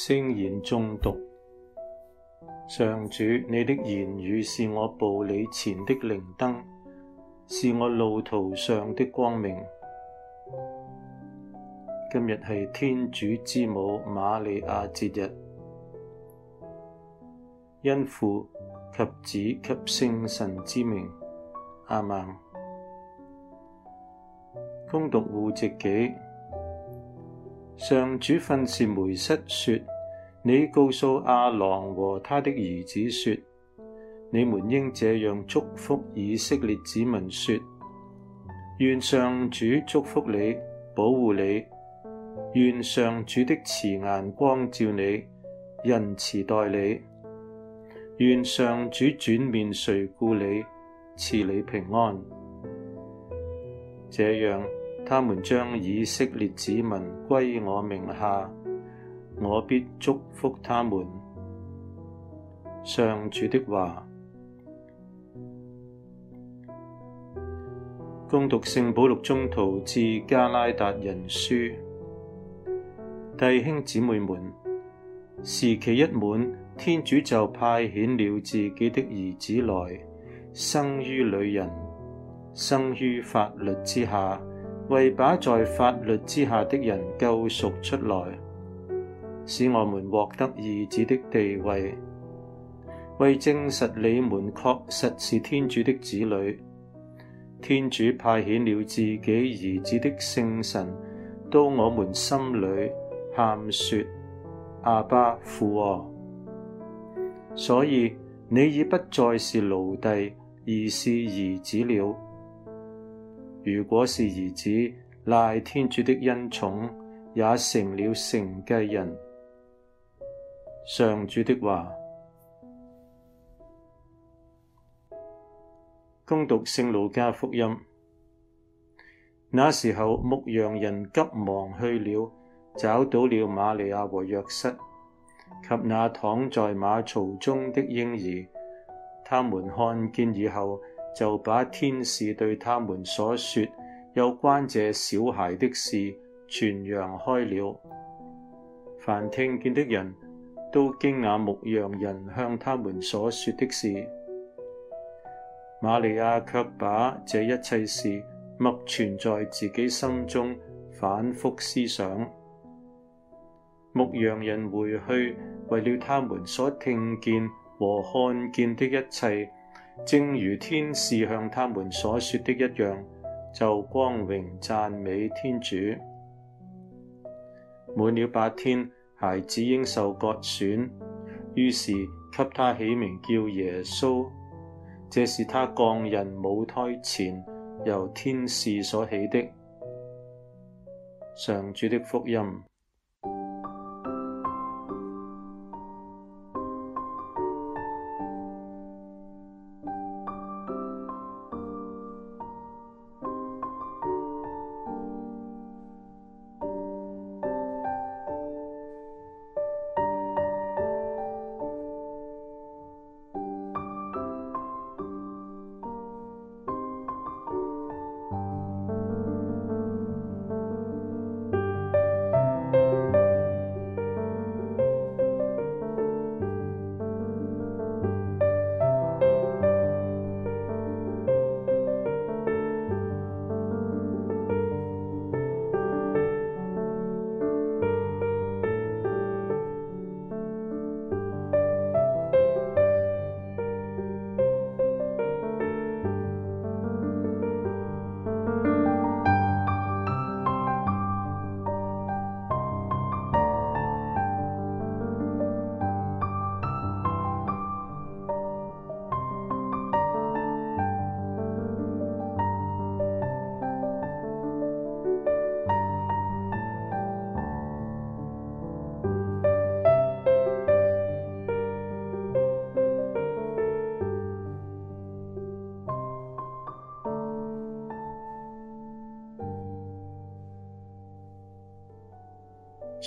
聖言誦讀，上主，你的言語是我步履前的靈燈，是我路途上的光明。今日係天主之母瑪利亞節日，因父及子及聖神之名，阿門。恭讀戶籍紀，上主訓示梅瑟說。你告訴亞郎和他的兒子說：你們應這樣祝福以色列子民，說：願上主祝福你，保護你；願上主的慈顏光照你，仁慈待你；願上主轉面垂顧你，賜你平安。這樣，他們將以色列子民歸我名下。我必祝福他們。上主的話。恭讀聖保祿宗徒致迦拉達人書，弟兄姊妹們，時期一滿，天主就派遣了自己的兒子來，生於女人，生於法律之下，為把在法律之下的人救贖出來。使我們獲得義子的地位。為證實你們確實是天主的子女，天主派遣了自己兒子的聖神到我們心裡喊說：阿爸，父啊。所以，你已不再是奴隸，而是兒子了。如果是兒子，賴天主的恩寵，也成了承繼人。上主的話，恭讀聖路加福音。那時候，牧羊人急忙去了，找到了瑪利亞和若瑟及那躺在馬槽中的嬰兒。他們看見以後，就把天使對他們所說有關這小孩的事傳揚開了。凡聽見的人，都驚訝牧羊人向他們所說的事，瑪利亞卻把這一切事默存在自己心中，反覆思想。牧羊人回去，為了他們所聽見和看見的一切，正如天使向他們所說的一樣，就光榮讚美天主。滿了八天。孩子應受割損，於是給他起名叫耶穌。這是他降孕母胎前，由天使所起的。上主的福音。